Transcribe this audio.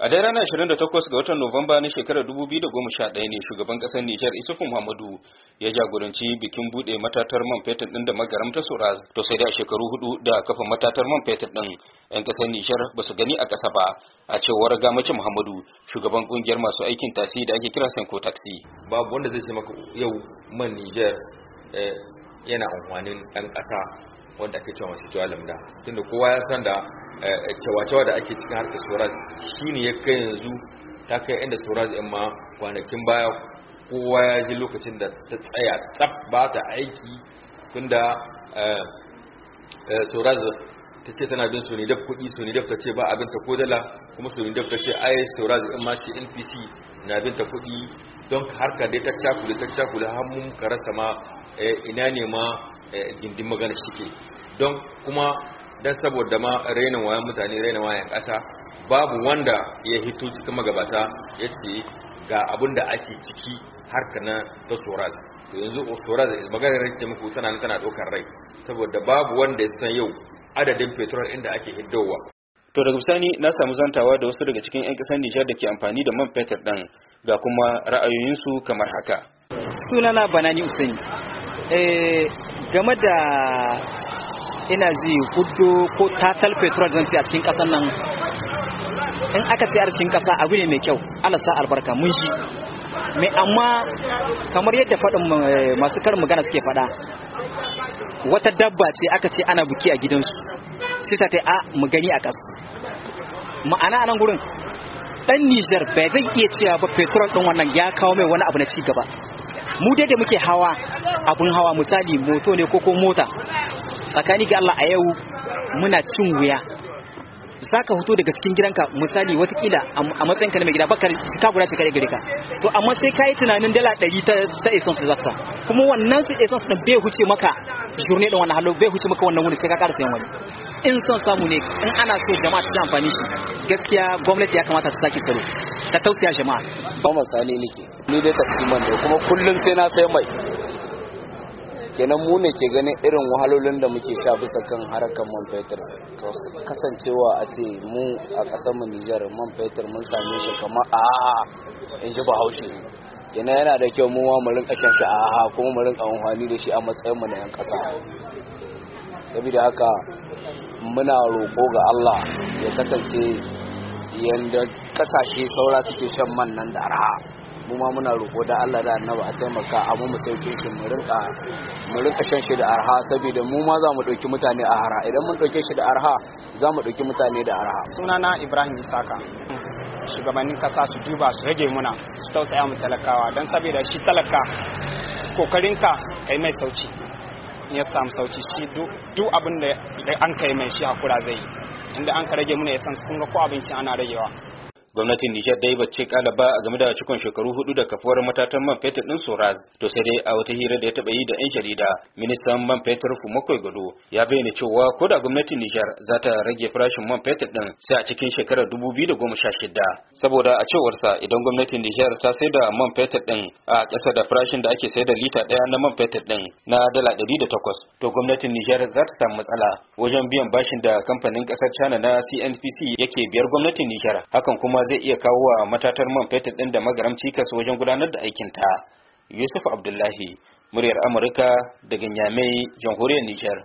A dai ranar 28 ga watan Nuwamba na shekarar 2011 ne shugaban kasar Nijar Isufu Muhammadu ya jagoranci bikin bude matatar man fetur din da magaram ta Soraz. To sai da shekaru hudu da kafa matatar man fetur din yan kasar Nijar ba su gani a kasa ba a cewar gamace Muhammadu shugaban kungiyar masu aikin tasi da ake kira Senko Taxi. Babu wanda zai ce maka yau man Nijar eh, yana amfanin ɗan ƙasa wanda ake cewa masu cewa lamda tunda kowa ya san da eh, cewa-cewa da ake cikin harkar tsoraz shi ne ya kai yanzu ta kai inda tsoraz in ma kwanakin baya kowa ya ji lokacin da ta tsaya tsab ba ta aiki tunda tsoraz eh, eh, ta ce tana bin daf kudi daf ta ce ba abinta ko dala kuma daf ta ce ai saurazi in ma shi npc na binta kudi don harkar dai ta cakula ta cakula hannun karasa ma ina ne ma gindin magana shi ke don kuma don saboda ma rainin wayan mutane rainin wayan ƙasa babu wanda ya hito cikin magabata ya ce ga abin da ake ciki harka na ta soraz yanzu soraz maganar da muku tana tana ɗaukar rai saboda babu wanda ya san yau adadin petrol inda ake hiddowa to daga bisani na samu zantawa da wasu daga cikin 'yan kasar nijar da ke amfani da man fetur dan, ga kuma ra'ayoyinsu kamar haka sunana banani usaini eh, game da ina ji kudu ko tatal petrol zan ci a cikin kasan nan in aka siya cikin ƙasa abu ne mai kyau alasa albarka mun shi mai amma kamar yadda faɗin eh, masu karin magana suke faɗa wata dabba ce aka ce ana buki a gidansu sai ta a mu gani a kasa ma'ana a nan gurin ɗan nijar bai zai iya cewa ba petrol ɗin wannan ya kawo mai wani abu na ci gaba mu dai da muke hawa abun hawa misali moto ne ko ko mota tsakani ga Allah a yau muna cin wuya zaka hoto daga cikin gidanka misali watakila a matsayinka na mai gida bakar ka guda ce kare gare ka to amma sai ka yi tunanin dala ɗari ta essence za ta kuma wannan su essence ɗin bai huce maka jurne ɗin wannan halo bai huce maka wannan wani sai ka ƙara sayan wani in son samu ne in ana so jama'a ta amfani shi gaskiya gwamnati ya kamata ta sake tsaro ta tausaya jama'a ba misali nake ni dai taksiman da kuma kullum sai na sai mai kenan mu ne ke ganin irin wahalolin da muke sha bisa kan harkar man fetur kasancewa a ce mu a ƙasar mu Nijar man fetur mun same shi kamar a in ji bahaushe kenan yana da kyau mu mu rinka shan shi a kuma mu rinka amfani da shi a matsayin mu na yan ƙasa saboda haka muna roƙo ga Allah ya kasance yanda kasashe saura suke shan man nan da raha mu ma muna roƙo da Allah da Annabi a taimaka a mu sauke shi mu rinka mu rinka shan shi da arha saboda mu ma za mu ɗauki mutane a arha idan mun ɗauke shi da arha za mu ɗauki mutane da arha sunana Ibrahim Isaka shugabannin kasa su duba su rage muna su tausaya mu talakawa dan saboda shi talaka ka kai mai sauci ya samu sauci shi duk abin da an kai mai shi hakura zai yi inda an ka rage muna ya san sun ga ko abinci ana ragewa gwamnatin nijar dai ba ce ba a game da cikon shekaru hudu da kafuwar matatan man fetur din soraz to sai dai a wata hira da ya taba yi da yan jarida ministan man fetur fumakoi gado ya bayyana cewa ko da gwamnatin nijar za ta rage farashin man fetur din sai a cikin shekarar shida, saboda a cewarsa idan gwamnatin nijar ta sai da man fetur din a ƙasa da farashin da ake sai da lita ɗaya na man fetur din na dala takwas, to gwamnatin nijar za ta samu matsala wajen biyan bashin da kamfanin ƙasar china na cnpc yake biyar gwamnatin nijar hakan kuma kuma zai iya kawo wa matatar man fetur ɗin da magaram cikas wajen gudanar da aikinta yusuf abdullahi muryar amurka daga nyamai jamhuriyar nijar